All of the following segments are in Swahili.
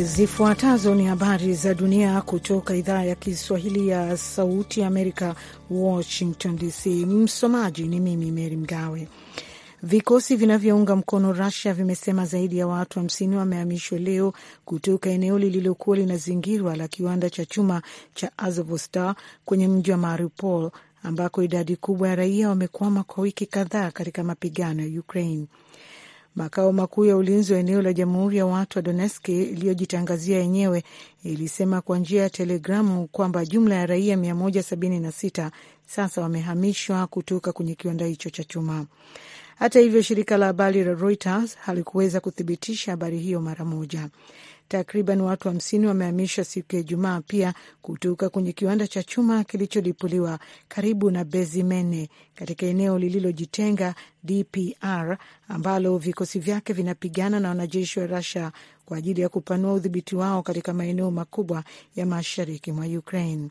Zifuatazo ni habari za dunia kutoka idhaa ya Kiswahili ya Sauti ya Amerika, Washington DC. Msomaji ni mimi Meri Mgawe. Vikosi vinavyounga mkono Rusia vimesema zaidi ya watu hamsini wamehamishwa leo kutoka eneo lililokuwa linazingirwa la kiwanda cha chuma cha Azovstal kwenye mji wa Mariupol ambako idadi kubwa ya raia wamekwama kwa wiki kadhaa katika mapigano ya Ukraine. Makao makuu ya ulinzi wa eneo la Jamhuri ya Watu wa doneski iliyojitangazia yenyewe ilisema kwa njia ya telegramu kwamba jumla ya raia 176 sasa wamehamishwa kutoka kwenye kiwanda hicho cha chuma. Hata hivyo, shirika la habari la Reuters halikuweza kuthibitisha habari hiyo mara moja. Takriban watu hamsini wa wamehamishwa siku ya Ijumaa pia kutoka kwenye kiwanda cha chuma kilicholipuliwa karibu na Bezimene katika eneo lililojitenga DPR ambalo vikosi vyake vinapigana na wanajeshi wa Russia kwa ajili ya kupanua udhibiti wao katika maeneo makubwa ya mashariki mwa Ukraine.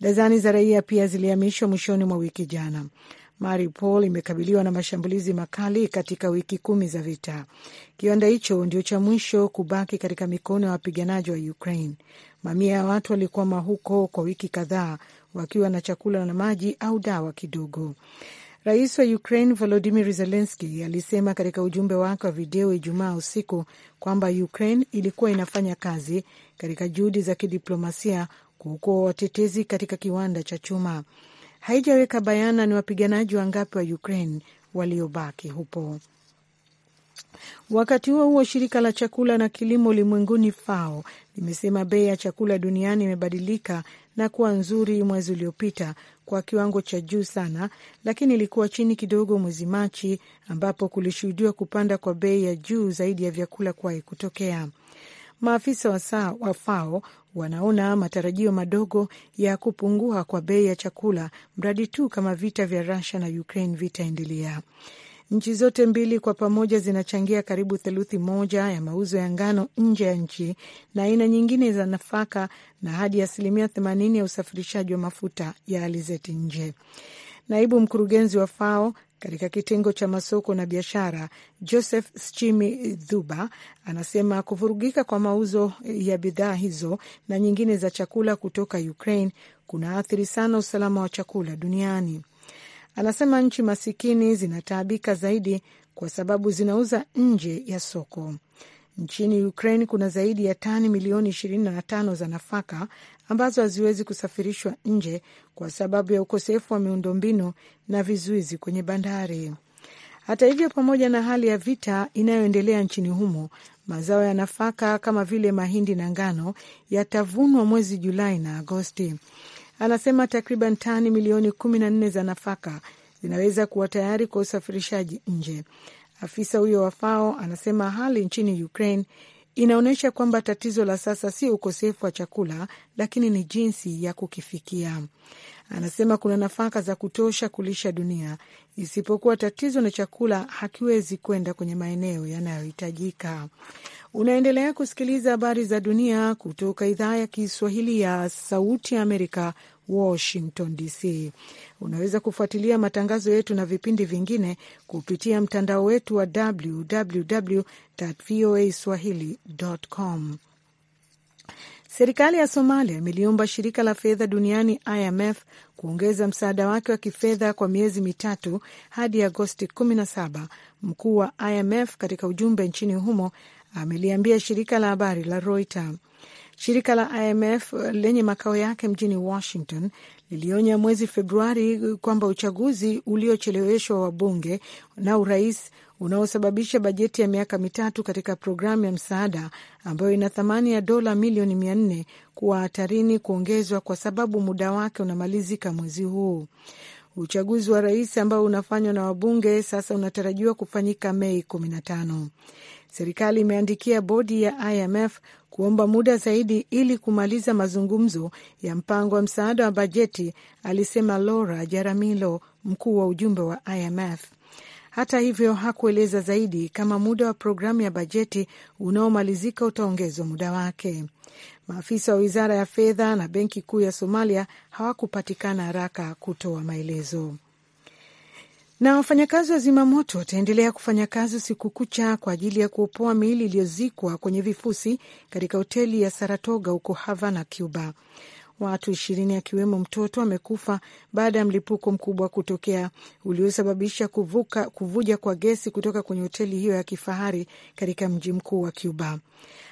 Dazani za raia pia zilihamishwa mwishoni mwa wiki jana. Mariupol imekabiliwa na mashambulizi makali katika wiki kumi za vita. Kiwanda hicho ndio cha mwisho kubaki katika mikono ya wapiganaji wa Ukraine. Mamia ya watu walikwama huko kwa wiki kadhaa wakiwa na chakula na maji au dawa kidogo. Rais wa Ukraine Volodimir Zelenski alisema katika ujumbe wake wa video Ijumaa usiku kwamba Ukraine ilikuwa inafanya kazi katika juhudi za kidiplomasia kuokoa watetezi katika kiwanda cha chuma haijaweka bayana ni wapiganaji wangapi wa Ukraine waliobaki hupo. Wakati huo huo, shirika la chakula na kilimo ulimwenguni FAO limesema bei ya chakula duniani imebadilika na kuwa nzuri mwezi uliopita kwa kiwango cha juu sana, lakini ilikuwa chini kidogo mwezi Machi ambapo kulishuhudiwa kupanda kwa bei ya juu zaidi ya vyakula kuwahi kutokea. Maafisa wa saa wa FAO wanaona matarajio madogo ya kupungua kwa bei ya chakula mradi tu kama vita vya Rusia na Ukraine vitaendelea. Nchi zote mbili kwa pamoja zinachangia karibu theluthi moja ya mauzo ya ngano nje ya nchi na aina nyingine za nafaka na hadi asilimia themanini ya usafirishaji wa mafuta ya alizeti nje. Naibu mkurugenzi wa FAO katika kitengo cha masoko na biashara Joseph Schimi Dhuba anasema kuvurugika kwa mauzo ya bidhaa hizo na nyingine za chakula kutoka Ukraine athiri sana usalama wa chakula duniani. Anasema nchi masikini zinataabika zaidi kwa sababu zinauza nje ya soko. Nchini Ukraine kuna zaidi ya tani milioni 25 za nafaka ambazo haziwezi kusafirishwa nje kwa sababu ya ukosefu wa miundombinu na vizuizi kwenye bandari. Hata hivyo, pamoja na hali ya vita inayoendelea nchini humo, mazao ya nafaka kama vile mahindi na ngano yatavunwa mwezi Julai na Agosti. Anasema takriban tani milioni kumi na nne za nafaka zinaweza kuwa tayari kwa usafirishaji nje. Afisa huyo wa FAO anasema hali nchini Ukraine inaonyesha kwamba tatizo la sasa sio ukosefu wa chakula, lakini ni jinsi ya kukifikia. Anasema kuna nafaka za kutosha kulisha dunia, isipokuwa tatizo na chakula hakiwezi kwenda kwenye maeneo yanayohitajika. Unaendelea kusikiliza habari za dunia kutoka idhaa ya Kiswahili ya Sauti ya Amerika, Washington DC. Unaweza kufuatilia matangazo yetu na vipindi vingine kupitia mtandao wetu wa www voa swahili.com. Serikali ya Somalia imeliomba shirika la fedha duniani IMF kuongeza msaada wake wa kifedha kwa miezi mitatu hadi Agosti 17. Mkuu wa IMF katika ujumbe nchini humo ameliambia shirika la habari la Reuters Shirika la IMF uh, lenye makao yake mjini Washington lilionya mwezi Februari kwamba uchaguzi uliocheleweshwa wa bunge na urais unaosababisha bajeti ya miaka mitatu katika programu ya msaada ambayo ina thamani ya dola milioni mia nne kuwa hatarini kuongezwa kwa sababu muda wake unamalizika mwezi huu. Uchaguzi wa rais ambao unafanywa na wabunge sasa unatarajiwa kufanyika Mei kumi na tano. Serikali imeandikia bodi ya IMF kuomba muda zaidi ili kumaliza mazungumzo ya mpango wa msaada wa bajeti, alisema Laura Jaramillo, mkuu wa ujumbe wa IMF. Hata hivyo hakueleza zaidi kama muda wa programu ya bajeti unaomalizika utaongezwa muda wake. Maafisa wa wizara ya fedha na benki kuu ya Somalia hawakupatikana haraka kutoa maelezo. Na wafanyakazi wa zimamoto wataendelea kufanya kazi siku kucha kwa ajili ya kuopoa miili iliyozikwa kwenye vifusi katika hoteli ya Saratoga huko Havana, Cuba. Watu ishirini akiwemo mtoto amekufa baada ya mlipuko mkubwa kutokea uliosababisha kuvuka, kuvuja kwa gesi kutoka kwenye hoteli hiyo ya kifahari katika mji mkuu wa Cuba.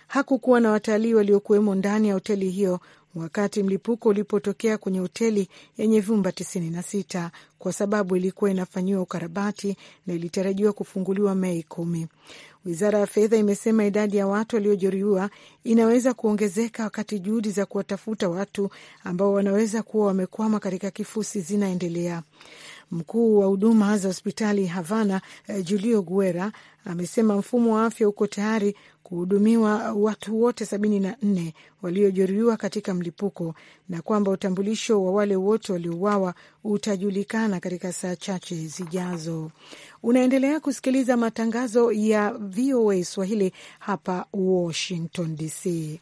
Hakukuwa na watalii waliokuwemo ndani ya hoteli hiyo wakati mlipuko ulipotokea kwenye hoteli yenye vyumba 96 kwa sababu ilikuwa inafanyiwa ukarabati na ilitarajiwa kufunguliwa Mei kumi. Wizara ya fedha imesema idadi ya watu waliojeruhiwa inaweza kuongezeka wakati juhudi za kuwatafuta watu ambao wanaweza kuwa wamekwama katika kifusi zinaendelea. Mkuu wa huduma za hospitali Havana, eh, Julio Guerra, amesema mfumo wa afya uko tayari kuhudumiwa watu wote sabini na nne waliojeruhiwa katika mlipuko na kwamba utambulisho wa wale wote waliouawa utajulikana katika saa chache zijazo. Unaendelea kusikiliza matangazo ya VOA Swahili hapa Washington DC.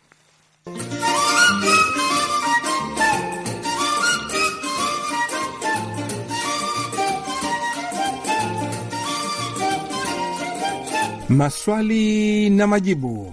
Maswali na majibu.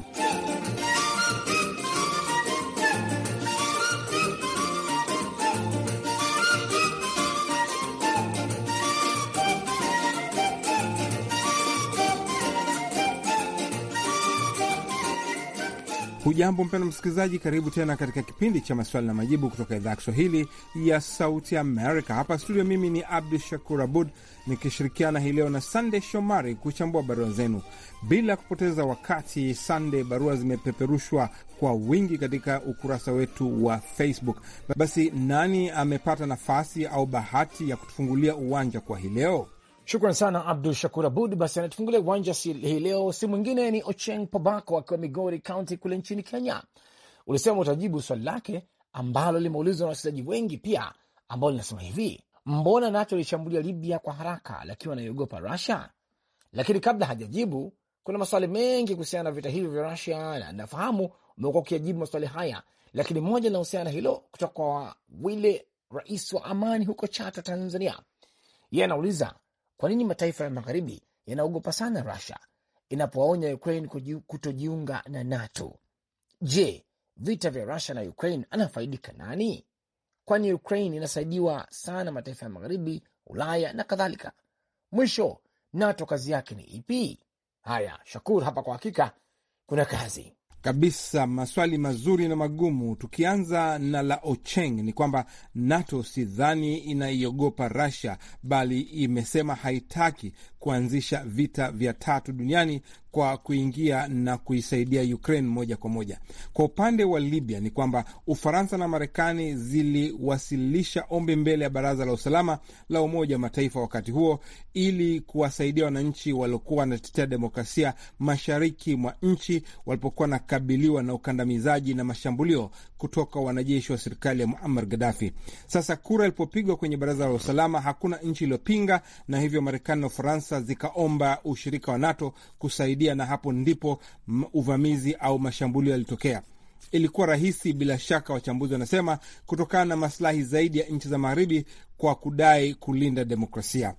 Hujambo mpendo msikilizaji, karibu tena katika kipindi cha maswali na majibu kutoka idhaa ya Kiswahili ya Sauti Amerika. Hapa studio, mimi ni Abdu Shakur Abud nikishirikiana hii leo na Sandey Shomari kuchambua barua zenu. Bila kupoteza wakati, Sandey, barua zimepeperushwa kwa wingi katika ukurasa wetu wa Facebook. Basi nani amepata nafasi au bahati ya kutufungulia uwanja kwa hii leo? Shukran sana Abdul Shakur Abud. Basi anatufungulia uwanja hii leo, si mwingine ni Ocheng Pobako akiwa Migori County kule nchini Kenya. Ulisema utajibu swali lake ambalo limeulizwa na wachezaji wengi pia, ambao linasema hivi: mbona NATO ilishambulia Libya kwa haraka, lakini wanaiogopa Rusia? Lakini kabla hajajibu, kuna maswali mengi kuhusiana na vita hivyo vya Rusia, na nafahamu umekuwa ukiyajibu maswali haya, lakini moja linahusiana na hilo kutoka kwa Wile, rais wa amani huko Chato, Tanzania. Yeye anauliza kwa nini mataifa ya magharibi yanaogopa sana Rusia inapowaonya Ukraine kutojiunga na NATO? Je, vita vya Rusia na Ukraine anafaidika nani? Kwani Ukraine inasaidiwa sana mataifa ya magharibi, Ulaya na kadhalika. Mwisho, NATO kazi yake ni ipi? Haya, Shakur, hapa kwa hakika kuna kazi kabisa maswali mazuri na magumu. Tukianza na la Ocheng ni kwamba NATO sidhani inaiogopa Russia, bali imesema haitaki kuanzisha vita vya tatu duniani kwa kuingia na kuisaidia Ukraine moja kwa moja. Kwa upande wa Libya ni kwamba Ufaransa na Marekani ziliwasilisha ombi mbele ya Baraza la Usalama la Umoja wa Mataifa wakati huo ili kuwasaidia wananchi waliokuwa wanatetea demokrasia mashariki mwa nchi walipokuwa wanakabiliwa na ukandamizaji na mashambulio kutoka wanajeshi wa serikali ya Muammar Gaddafi. Sasa kura ilipopigwa kwenye Baraza la Usalama, hakuna nchi iliyopinga, na hivyo Marekani na Ufaransa zikaomba ushirika wa NATO kusaidia kusaidia, na hapo ndipo uvamizi au mashambulio yalitokea. Ilikuwa rahisi bila shaka, wachambuzi wanasema, kutokana na masilahi zaidi ya nchi za magharibi kwa kudai kulinda demokrasia.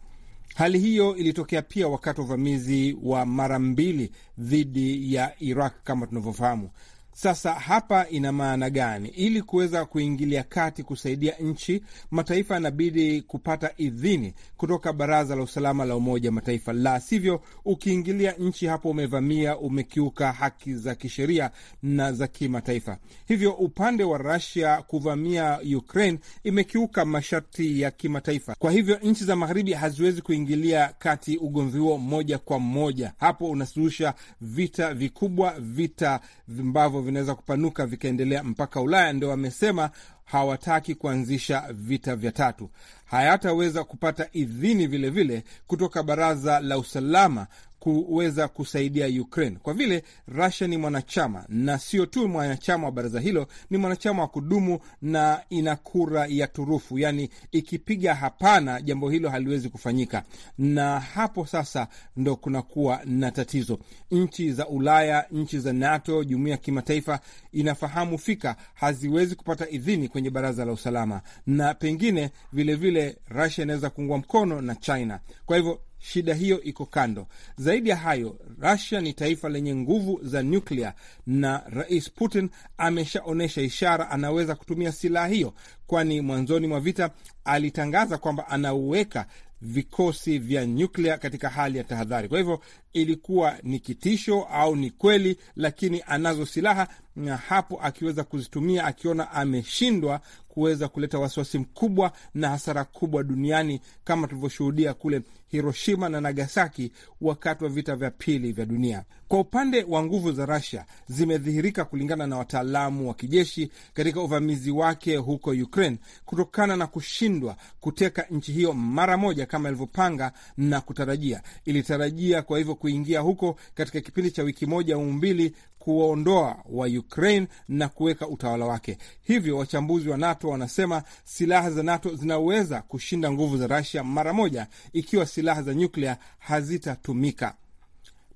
Hali hiyo ilitokea pia wakati wa uvamizi wa mara mbili dhidi ya Iraq kama tunavyofahamu. Sasa hapa ina maana gani? Ili kuweza kuingilia kati kusaidia nchi, mataifa yanabidi kupata idhini kutoka Baraza la Usalama la Umoja Mataifa, la sivyo, ukiingilia nchi hapo umevamia, umekiuka haki za kisheria na za kimataifa. Hivyo upande wa rasia kuvamia Ukraine imekiuka masharti ya kimataifa. Kwa hivyo nchi za Magharibi haziwezi kuingilia kati ugomvi huo moja kwa moja. Hapo unasuluhisha vita vikubwa, vita ambavyo ambavyo vinaweza kupanuka vikaendelea mpaka Ulaya. Ndio wamesema hawataki kuanzisha vita vya tatu. Hayataweza kupata idhini vilevile vile kutoka Baraza la Usalama kuweza kusaidia Ukraine kwa vile Russia ni mwanachama na sio tu mwanachama wa baraza hilo, ni mwanachama wa kudumu na ina kura ya turufu, yaani ikipiga hapana, jambo hilo haliwezi kufanyika. Na hapo sasa ndo kunakuwa na tatizo. Nchi za Ulaya, nchi za NATO, jumuiya ya kimataifa inafahamu fika haziwezi kupata idhini kwenye baraza la usalama, na pengine vilevile Russia inaweza kuungwa mkono na China. Kwa hivyo shida hiyo iko kando. Zaidi ya hayo, Rusia ni taifa lenye nguvu za nyuklia na Rais Putin ameshaonyesha ishara anaweza kutumia silaha hiyo, kwani mwanzoni mwa vita alitangaza kwamba anaweka vikosi vya nyuklia katika hali ya tahadhari. Kwa hivyo ilikuwa ni kitisho au ni kweli, lakini anazo silaha na hapo akiweza kuzitumia akiona ameshindwa kuweza kuleta wasiwasi mkubwa na hasara kubwa duniani kama tulivyoshuhudia kule Hiroshima na Nagasaki wakati wa vita vya pili vya dunia. Kwa upande wa nguvu za Russia zimedhihirika kulingana na wataalamu wa kijeshi katika uvamizi wake huko Ukraine kutokana na kushindwa kuteka nchi hiyo mara moja kama ilivyopanga na kutarajia. Ilitarajia kwa hivyo kuingia huko katika kipindi cha wiki moja au mbili kuwaondoa wa Ukraine na kuweka utawala wake. Hivyo wachambuzi wa NATO wanasema silaha za NATO zinaweza kushinda nguvu za rasia mara moja ikiwa silaha za nyuklia hazitatumika.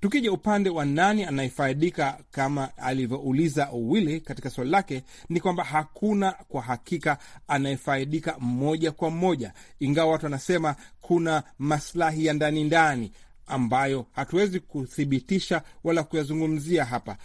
Tukija upande wa nani anayefaidika, kama alivyouliza Wili katika swali lake, ni kwamba hakuna kwa hakika anayefaidika moja kwa moja, ingawa watu wanasema kuna maslahi ya ndani ndani ambayo hatuwezi kuthibitisha wala kuyazungumzia hapa.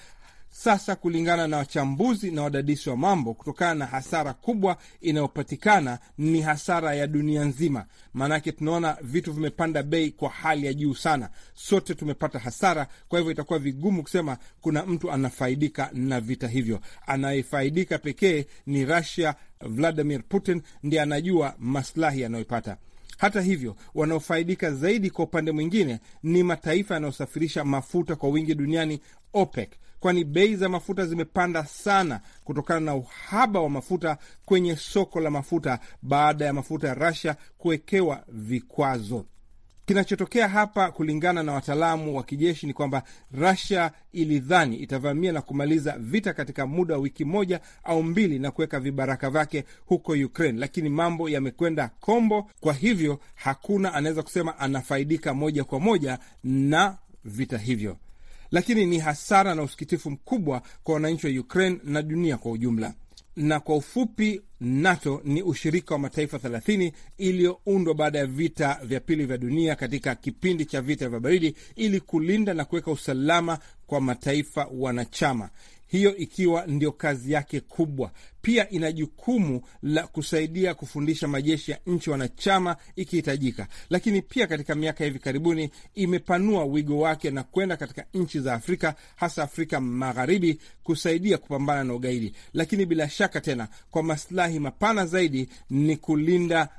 Sasa kulingana na wachambuzi na wadadisi wa mambo, kutokana na hasara kubwa inayopatikana ni hasara ya dunia nzima. Maanake tunaona vitu vimepanda bei kwa hali ya juu sana, sote tumepata hasara. Kwa hivyo itakuwa vigumu kusema kuna mtu anafaidika na vita hivyo. Anayefaidika pekee ni Russia. Vladimir Putin ndiye anajua maslahi yanayoipata Hata hivyo wanaofaidika zaidi kwa upande mwingine ni mataifa yanayosafirisha mafuta kwa wingi duniani, OPEC, kwani bei za mafuta zimepanda sana kutokana na uhaba wa mafuta kwenye soko la mafuta baada ya mafuta ya Russia kuwekewa vikwazo. Kinachotokea hapa kulingana na wataalamu wa kijeshi ni kwamba Russia ilidhani itavamia na kumaliza vita katika muda wa wiki moja au mbili na kuweka vibaraka vyake huko Ukraine, lakini mambo yamekwenda kombo. Kwa hivyo hakuna anaweza kusema anafaidika moja kwa moja na vita hivyo lakini ni hasara na usikitifu mkubwa kwa wananchi wa Ukraine na dunia kwa ujumla. Na kwa ufupi, NATO ni ushirika wa mataifa 30 iliyoundwa baada ya vita vya pili vya dunia katika kipindi cha vita vya baridi ili kulinda na kuweka usalama kwa mataifa wanachama hiyo ikiwa ndio kazi yake kubwa. Pia ina jukumu la kusaidia kufundisha majeshi ya nchi wanachama ikihitajika, lakini pia katika miaka ya hivi karibuni imepanua wigo wake na kwenda katika nchi za Afrika, hasa Afrika Magharibi, kusaidia kupambana na ugaidi. Lakini bila shaka tena, kwa masilahi mapana zaidi, ni kulinda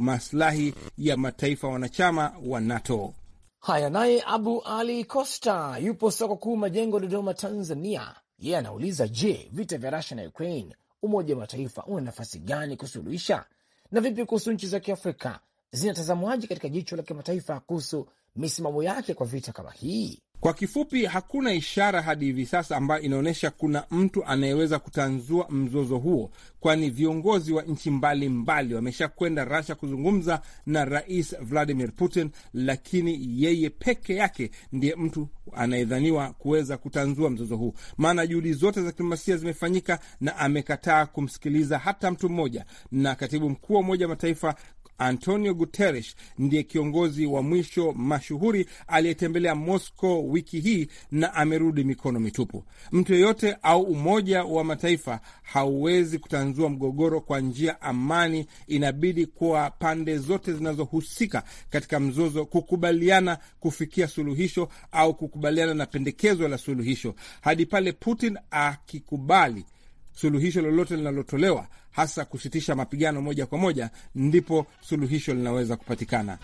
maslahi ya mataifa wanachama wa NATO. Haya, naye Abu Ali Costa yupo soko kuu Majengo, Dodoma, Tanzania yeye yeah, anauliza je, vita vya Rusia na Ukraine, Umoja wa Mataifa una nafasi gani kusuluhisha? Na vipi kuhusu nchi za Kiafrika zinatazamwaje katika jicho la kimataifa kuhusu misimamo yake kwa vita kama hii? Kwa kifupi, hakuna ishara hadi hivi sasa ambayo inaonyesha kuna mtu anayeweza kutanzua mzozo huo, kwani viongozi wa nchi mbalimbali wameshakwenda Rasha kuzungumza na Rais Vladimir Putin, lakini yeye peke yake ndiye mtu anayedhaniwa kuweza kutanzua mzozo huu, maana juhudi zote za kidiplomasia zimefanyika na amekataa kumsikiliza hata mtu mmoja. Na katibu mkuu wa Umoja wa Mataifa Antonio Guterres ndiye kiongozi wa mwisho mashuhuri aliyetembelea Moscow wiki hii na amerudi mikono mitupu. Mtu yeyote au Umoja wa Mataifa hauwezi kutanzua mgogoro kwa njia amani. Inabidi kwa pande zote zinazohusika katika mzozo kukubaliana kufikia suluhisho au kukubaliana na pendekezo la suluhisho hadi pale Putin akikubali suluhisho lolote linalotolewa, hasa kusitisha mapigano moja kwa moja, ndipo suluhisho linaweza kupatikana.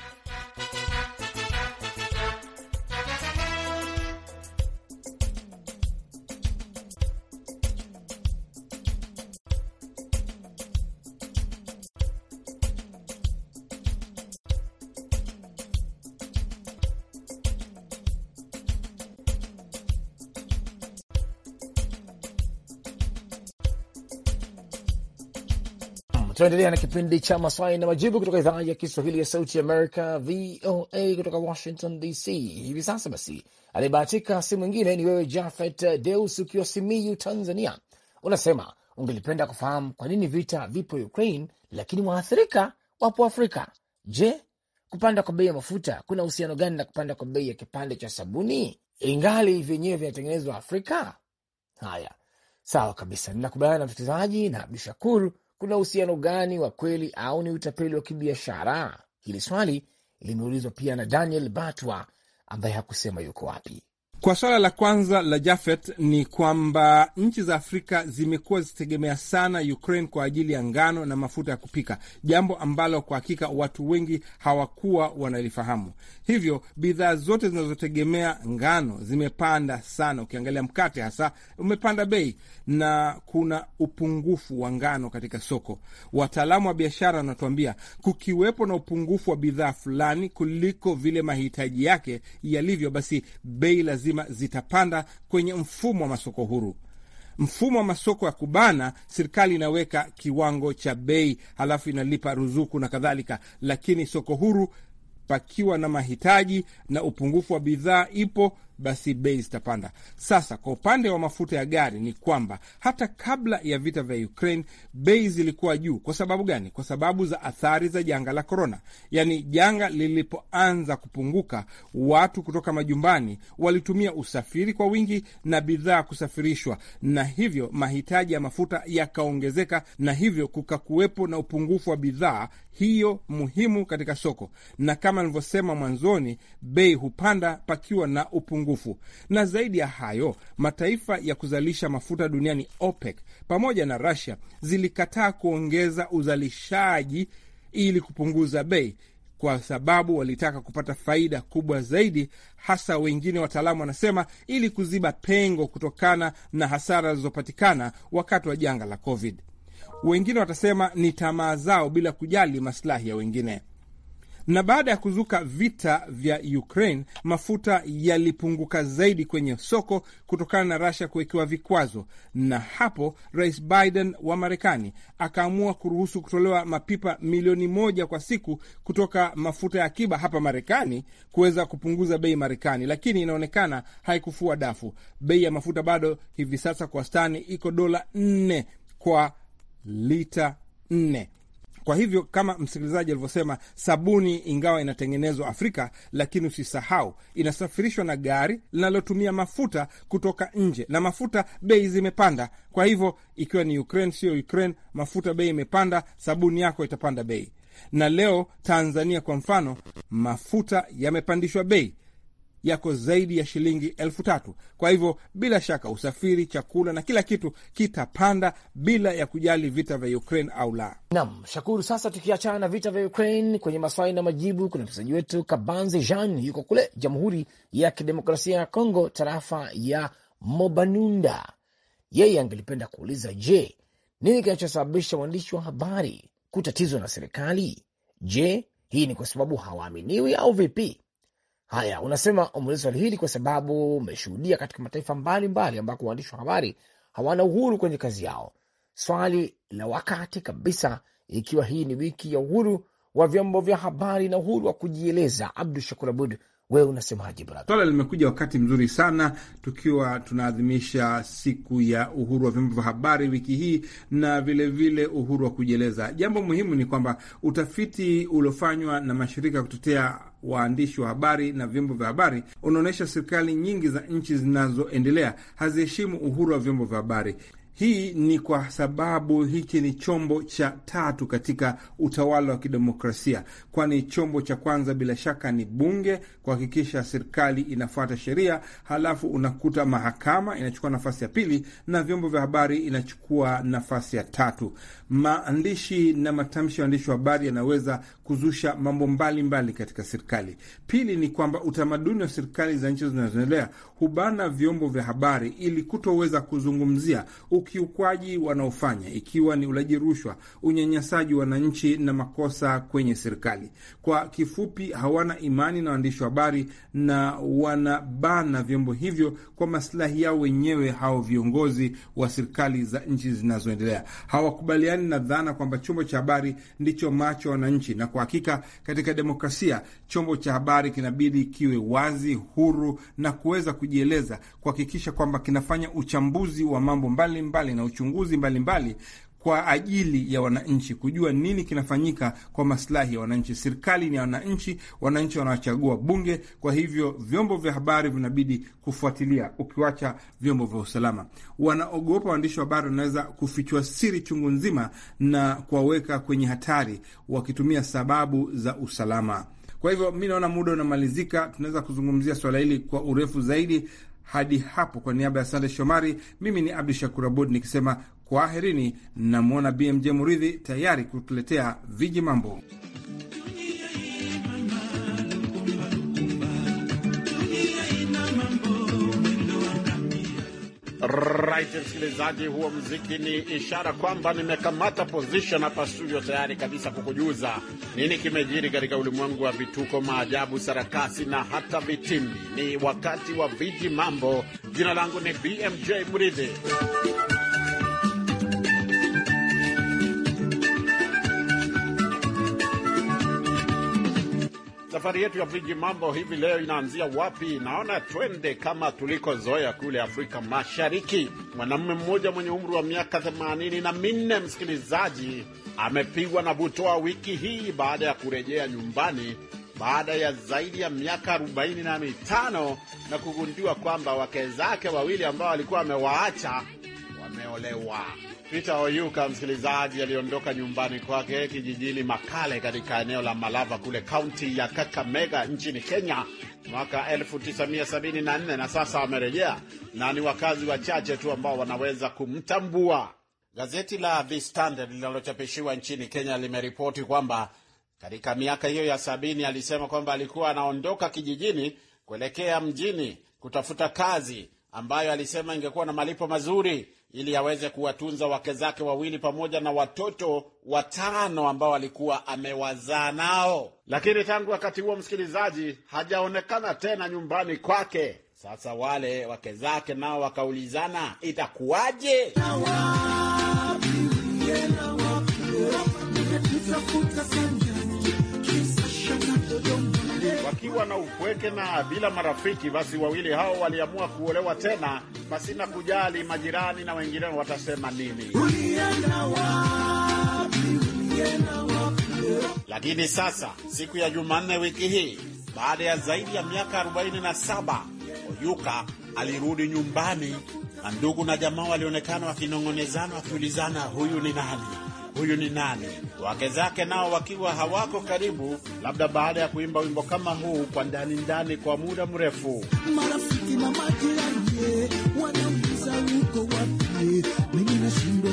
Tunaendelea na kipindi cha maswali na majibu kutoka idhaa ya Kiswahili ya Sauti Amerika, VOA, kutoka Washington DC hivi sasa. Basi aliyebahatika si mwingine ni wewe Jafet Deus, ukiwa Simiyu, Tanzania. Unasema ungelipenda kufahamu kwa nini vita vipo Ukraine lakini waathirika wapo Afrika. Je, kupanda kwa bei ya mafuta kuna uhusiano gani na kupanda kwa bei ya kipande cha sabuni, ingali vyenyewe vinatengenezwa Afrika? Haya, sawa kabisa, ninakubaliana na msikilizaji na Abdu Shakuru kuna uhusiano gani wa kweli au ni utapeli wa kibiashara? Hili swali limeulizwa pia na Daniel Batwa ambaye hakusema yuko wapi. Kwa swala la kwanza la Jafet ni kwamba nchi za Afrika zimekuwa zikitegemea sana Ukraine kwa ajili ya ngano na mafuta ya kupika, jambo ambalo kwa hakika watu wengi hawakuwa wanalifahamu. Hivyo bidhaa zote zinazotegemea ngano zimepanda sana. Ukiangalia mkate hasa umepanda bei, na kuna upungufu wa ngano katika soko. Wataalamu wa biashara wanatuambia kukiwepo na upungufu wa bidhaa fulani kuliko vile mahitaji yake yalivyo, basi bei lazima lazima zitapanda kwenye mfumo wa masoko huru. Mfumo wa masoko ya kubana, serikali inaweka kiwango cha bei, halafu inalipa ruzuku na kadhalika, lakini soko huru pakiwa na mahitaji na upungufu wa bidhaa ipo basi bei zitapanda. Sasa kwa upande wa mafuta ya gari ni kwamba hata kabla ya vita vya Ukraine bei zilikuwa juu. Kwa sababu gani? Kwa sababu za athari za janga la korona. Yaani janga lilipoanza kupunguka, watu kutoka majumbani walitumia usafiri kwa wingi na bidhaa kusafirishwa, na hivyo mahitaji ya mafuta yakaongezeka, na hivyo kukakuwepo na upungufu wa bidhaa hiyo muhimu katika soko, na kama nilivyosema mwanzoni, bei hupanda pakiwa na upungufu pungufu. Na zaidi ya hayo, mataifa ya kuzalisha mafuta duniani OPEC pamoja na Russia zilikataa kuongeza uzalishaji ili kupunguza bei kwa sababu walitaka kupata faida kubwa zaidi, hasa wengine wataalamu wanasema ili kuziba pengo kutokana na hasara zilizopatikana wakati wa janga la COVID. Wengine watasema ni tamaa zao bila kujali masilahi ya wengine. Na baada ya kuzuka vita vya Ukraine, mafuta yalipunguka zaidi kwenye soko kutokana na Russia kuwekewa vikwazo, na hapo Rais Biden wa Marekani akaamua kuruhusu kutolewa mapipa milioni moja kwa siku kutoka mafuta ya akiba hapa Marekani kuweza kupunguza bei Marekani, lakini inaonekana haikufua dafu. Bei ya mafuta bado hivi sasa kwa wastani iko dola nne kwa lita nne. Kwa hivyo kama msikilizaji alivyosema, sabuni ingawa inatengenezwa Afrika, lakini usisahau inasafirishwa na gari linalotumia mafuta kutoka nje, na mafuta bei zimepanda. Kwa hivyo ikiwa ni Ukraine, sio Ukraine, mafuta bei imepanda, sabuni yako itapanda bei. Na leo Tanzania kwa mfano, mafuta yamepandishwa bei yako zaidi ya shilingi elfu tatu. Kwa hivyo bila shaka usafiri, chakula na kila kitu kitapanda bila ya kujali vita vya Ukraine au la. Nam Shakuru, sasa tukiachana na vita vya Ukraine, kwenye maswali na majibu, kuna mchezaji wetu Kabanze Jean yuko kule Jamhuri ya Kidemokrasia ya Kongo, tarafa ya Mobanunda. Yeye angelipenda kuuliza, je, nini kinachosababisha waandishi wa habari kutatizwa na serikali? Je, hii ni kwa sababu hawaaminiwi au vipi? Haya, unasema umeuliza swali hili kwa sababu umeshuhudia katika mataifa mbalimbali ambako waandishi wa habari hawana uhuru kwenye kazi yao. Swali la wakati kabisa, ikiwa hii ni wiki ya uhuru wa vyombo vya habari na uhuru wa kujieleza. Abdu Shakur Abud wewe unasemaje brother? Swala limekuja wakati mzuri sana, tukiwa tunaadhimisha siku ya uhuru wa vyombo vya habari wiki hii na vilevile vile uhuru wa kujieleza. Jambo muhimu ni kwamba utafiti uliofanywa na mashirika ya kutetea waandishi wa habari na vyombo vya habari unaonyesha serikali nyingi za nchi zinazoendelea haziheshimu uhuru wa vyombo vya habari. Hii ni kwa sababu hiki ni chombo cha tatu katika utawala wa kidemokrasia, kwani chombo cha kwanza bila shaka ni bunge kuhakikisha serikali inafuata sheria, halafu unakuta mahakama inachukua nafasi ya pili na vyombo vya habari inachukua nafasi ya tatu. Maandishi na matamshi ya waandishi wa habari yanaweza kuzusha mambo mbalimbali mbali katika serikali. Pili ni kwamba utamaduni wa serikali za nchi zinazoendelea hubana vyombo vya habari ili kutoweza kuzungumzia ukiukwaji wanaofanya ikiwa ni ulaji rushwa, unyanyasaji wananchi na makosa kwenye serikali. Kwa kifupi, hawana imani na waandishi wa habari na wanabana vyombo hivyo kwa masilahi yao wenyewe. Hao viongozi wa serikali za nchi zinazoendelea hawakubaliani na dhana kwamba chombo cha habari ndicho macho wananchi, na kwa hakika katika demokrasia chombo cha habari kinabidi kiwe wazi, huru na kuweza kujieleza, kuhakikisha kwamba kinafanya uchambuzi wa mambo mbalimbali mbalimbali na uchunguzi mbalimbali mbali kwa ajili ya wananchi kujua nini kinafanyika kwa maslahi ya wananchi. Serikali ni ya wananchi, wananchi wanawachagua bunge. Kwa hivyo vyombo vya habari vinabidi kufuatilia, ukiwacha vyombo vya usalama. Wanaogopa waandishi wa habari wanaweza kufichua siri chungu nzima na kuwaweka kwenye hatari, wakitumia sababu za usalama. Kwa hivyo mi naona muda unamalizika, tunaweza kuzungumzia swala hili kwa urefu zaidi, hadi hapo kwa niaba ya Sande Shomari, mimi ni Abdu Shakur Abud nikisema kwaherini. Namwona BMJ Muridhi tayari kutuletea viji mambo. Right, msikilizaji, huo mziki ni ishara kwamba nimekamata position hapa studio tayari kabisa kukujuza nini kimejiri katika ulimwengu wa vituko, maajabu, sarakasi na hata vitimbi. Ni wakati wa viji mambo. Jina langu ni BMJ Mridhi. Safari yetu ya viji mambo hivi leo inaanzia wapi? Naona twende kama tulikozoea kule Afrika Mashariki. Mwanamume mmoja mwenye umri wa miaka themanini na minne, msikilizaji, amepigwa na butoa wiki hii baada ya kurejea nyumbani baada ya zaidi ya miaka arobaini na mitano na kugundiwa kwamba wake zake wawili ambao alikuwa amewaacha wameolewa. Peter Oyuka, msikilizaji, aliondoka nyumbani kwake kijijini Makale katika eneo la Malava kule kaunti ya Kakamega nchini Kenya mwaka 1974 na sasa amerejea na ni wakazi wachache tu ambao wanaweza kumtambua. Gazeti la The Standard linalochapishiwa nchini Kenya limeripoti kwamba katika miaka hiyo ya sabini alisema kwamba alikuwa anaondoka kijijini kuelekea mjini kutafuta kazi ambayo alisema ingekuwa na malipo mazuri ili aweze kuwatunza wake zake wawili pamoja na watoto watano ambao alikuwa amewazaa nao. Lakini tangu wakati huo, msikilizaji, hajaonekana tena nyumbani kwake. Sasa wale wake zake nao wakaulizana, itakuwaje? wakiwa na upweke na bila marafiki, basi wawili hao waliamua kuolewa tena, pasina kujali majirani na wengine watasema nini. Lakini sasa siku ya Jumanne wiki hii, baada ya zaidi ya miaka 47 Oyuka alirudi nyumbani na ndugu na jamaa walionekana wakinong'onezana, wakiulizana huyu ni nani huyu ni nani? Wake zake nao wakiwa hawako karibu, labda baada ya kuimba wimbo kama huu kwa ndani ndani kwa muda mrefu. Marafiki na majirani wanauliza uko wapi, mimi nashindwa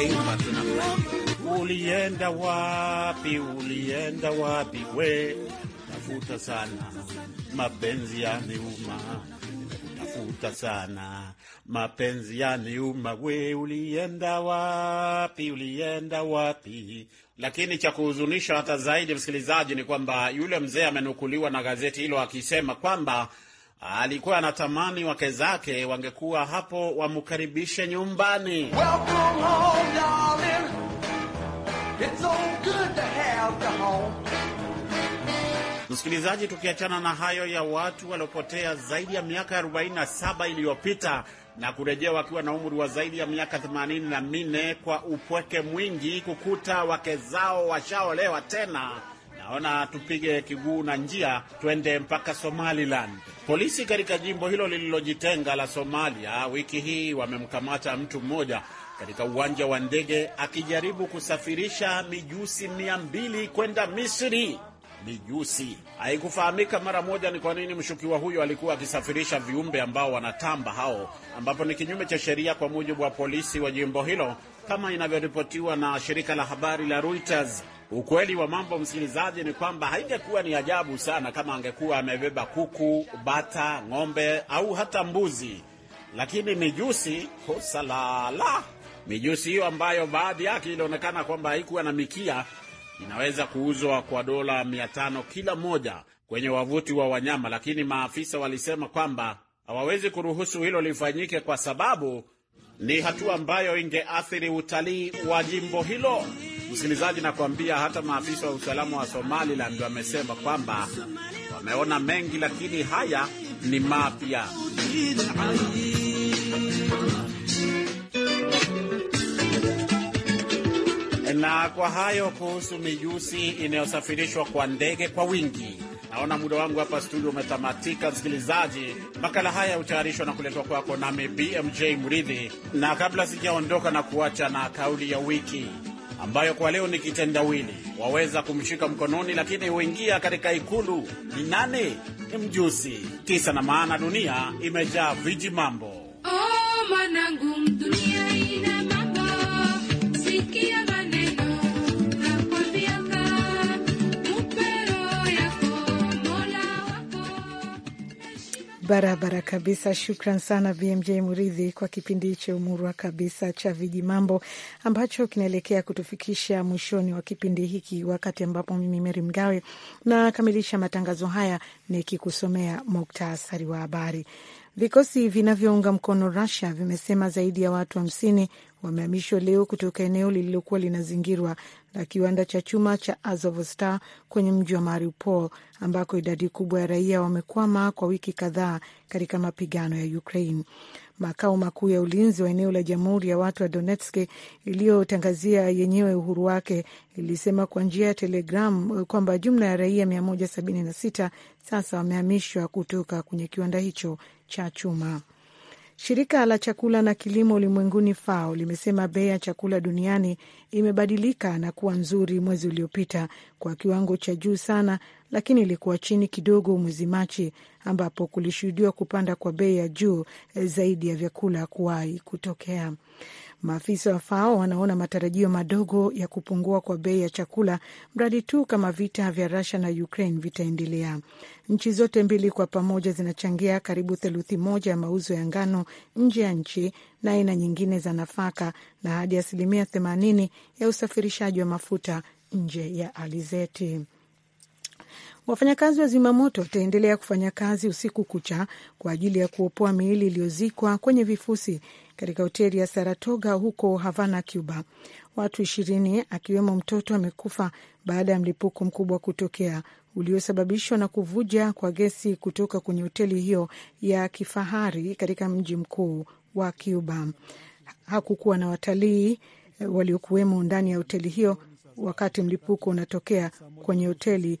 Keima tunafurahia. Ulienda wapi? Ulienda wapi? We tafuta sana mapenzi ya niuma, tafuta sana mapenzi ya niuma, We ulienda wapi? Ulienda wapi? Lakini cha kuhuzunisha hata zaidi, msikilizaji, ni kwamba yule mzee amenukuliwa na gazeti hilo akisema kwamba alikuwa anatamani wake zake wangekuwa hapo wamkaribishe nyumbani. Msikilizaji, tukiachana na hayo ya watu waliopotea zaidi ya miaka 47 iliyopita na kurejea wakiwa na umri wa zaidi ya miaka 84 kwa upweke mwingi kukuta wake zao washaolewa tena naona tupige kiguu na njia twende mpaka Somaliland. Polisi katika jimbo hilo lililojitenga la Somalia wiki hii wamemkamata mtu mmoja katika uwanja wa ndege akijaribu kusafirisha mijusi mia mbili kwenda Misri. Mijusi haikufahamika mara moja ni kwa nini mshukiwa huyo alikuwa akisafirisha viumbe ambao wanatamba hao, ambapo ni kinyume cha sheria kwa mujibu wa polisi wa jimbo hilo, kama inavyoripotiwa na shirika la habari la Reuters. Ukweli wa mambo msikilizaji, ni kwamba haingekuwa ni ajabu sana kama angekuwa amebeba kuku, bata, ng'ombe au hata mbuzi, lakini mijusi husalala. Mijusi hiyo ambayo baadhi yake ilionekana kwamba haikuwa na mikia inaweza kuuzwa kwa dola mia tano kila moja kwenye wavuti wa wanyama, lakini maafisa walisema kwamba hawawezi kuruhusu hilo lifanyike kwa sababu ni hatua ambayo ingeathiri utalii wa jimbo hilo. Msikilizaji, nakwambia hata maafisa wa usalama wa Somaliland wamesema kwamba wameona mengi, lakini haya ni mapya. Na kwa hayo kuhusu mijusi inayosafirishwa kwa ndege kwa wingi, naona muda wangu hapa studio umetamatika. Msikilizaji, makala haya hutayarishwa na kuletwa kwako nami BMJ Mridhi, na kabla sijaondoka na kuacha na kauli ya wiki ambayo kwa leo ni kitendawili, waweza kumshika mkononi, lakini huingia katika ikulu. Ni nane? Ni mjusi. Tisa na maana dunia imejaa viji mambo. Oh, manangu, dunia ina mambo. Sikia Barabara kabisa. Shukran sana BMJ Muridhi kwa kipindi hicho murwa kabisa cha viji mambo ambacho kinaelekea kutufikisha mwishoni wa kipindi hiki, wakati ambapo mimi Meri Mgawe nakamilisha matangazo haya nikikusomea muktasari wa habari. Vikosi vinavyounga mkono Rusia vimesema zaidi ya watu hamsini wamehamishwa leo kutoka eneo lililokuwa linazingirwa la kiwanda cha chuma cha Azovstal kwenye mji wa Mariupol ambako idadi kubwa ya raia wamekwama kwa wiki kadhaa katika mapigano ya Ukraine. Makao makuu ya ulinzi wa eneo la Jamhuri ya Watu wa Donetsk iliyotangazia yenyewe uhuru wake ilisema kwa njia ya Telegram kwamba jumla ya raia 176 sasa wamehamishwa kutoka kwenye kiwanda hicho cha chuma. Shirika la chakula na kilimo ulimwenguni FAO limesema bei ya chakula duniani imebadilika na kuwa nzuri mwezi uliopita kwa kiwango cha juu sana lakini ilikuwa chini kidogo mwezi Machi, ambapo kulishuhudiwa kupanda kwa bei ya juu eh, zaidi ya vyakula kuwahi kutokea. Maafisa wa FAO wanaona matarajio madogo ya kupungua kwa bei ya chakula mradi tu kama vita vya Rusia na Ukraine vitaendelea. Nchi zote mbili kwa pamoja zinachangia karibu theluthi moja ya mauzo ya ngano nje ya nchi na aina nyingine za nafaka na hadi asilimia themanini ya usafirishaji wa mafuta nje ya alizeti. Wafanyakazi wa zimamoto wataendelea kufanya kazi usiku kucha kwa ajili ya kuopoa miili iliyozikwa kwenye vifusi katika hoteli ya Saratoga huko Havana, Cuba. Watu ishirini akiwemo mtoto amekufa baada ya mlipuko mkubwa kutokea uliosababishwa na kuvuja kwa gesi kutoka kwenye hoteli hiyo ya kifahari katika mji mkuu wa Cuba. Hakukuwa na watalii eh, waliokuwemo ndani ya hoteli hiyo wakati mlipuko unatokea kwenye hoteli